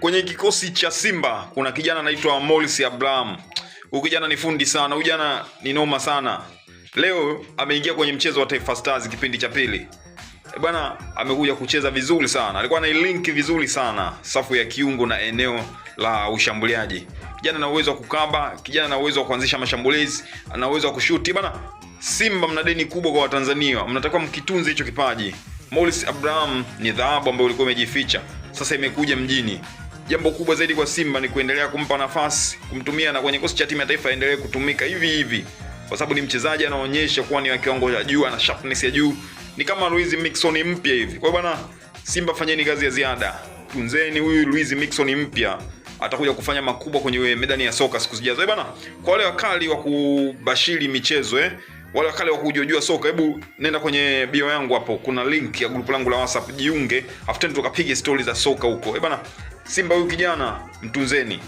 Kwenye kikosi cha Simba kuna kijana anaitwa Morris Abraham. Huyu kijana ni fundi sana, huyu jana ni noma sana. Leo ameingia kwenye mchezo wa Taifa Stars kipindi cha pili. E bwana, amekuja kucheza vizuri sana, alikuwa anailinki vizuri sana safu ya kiungo na eneo la ushambuliaji. Kijana ana uwezo wa kukamba kijana ana uwezo wa kuanzisha mashambulizi, ana uwezo wa kushuti. Bwana, Simba mna deni kubwa kwa Watanzania, mnatakiwa mkitunze hicho kipaji. Morris Abraham ni dhahabu ambayo ulikuwa umejificha, sasa imekuja mjini jambo kubwa zaidi kwa Simba ni kuendelea kumpa nafasi, kumtumia na kwenye kosi cha timu ya taifa aendelee kutumika hivi hivi, kwa sababu ni mchezaji anaonyesha kuwa ni wa kiwango cha juu, ana sharpness ya juu, ni kama Luis Mixon mpya hivi. Kwa hiyo bwana Simba, fanyeni kazi ya ziada, tunzeni huyu Luis Mixon mpya atakuja kufanya makubwa kwenye medani ya soka siku zijazo. Eh bwana, kwa wale wakali wa kubashiri michezo eh, wale wakali wa kujojua soka, hebu nenda kwenye bio yangu hapo, kuna link ya grupu langu la WhatsApp, jiunge, afu tukapige stori za soka huko. Eh bana, Simba huyu kijana mtunzeni.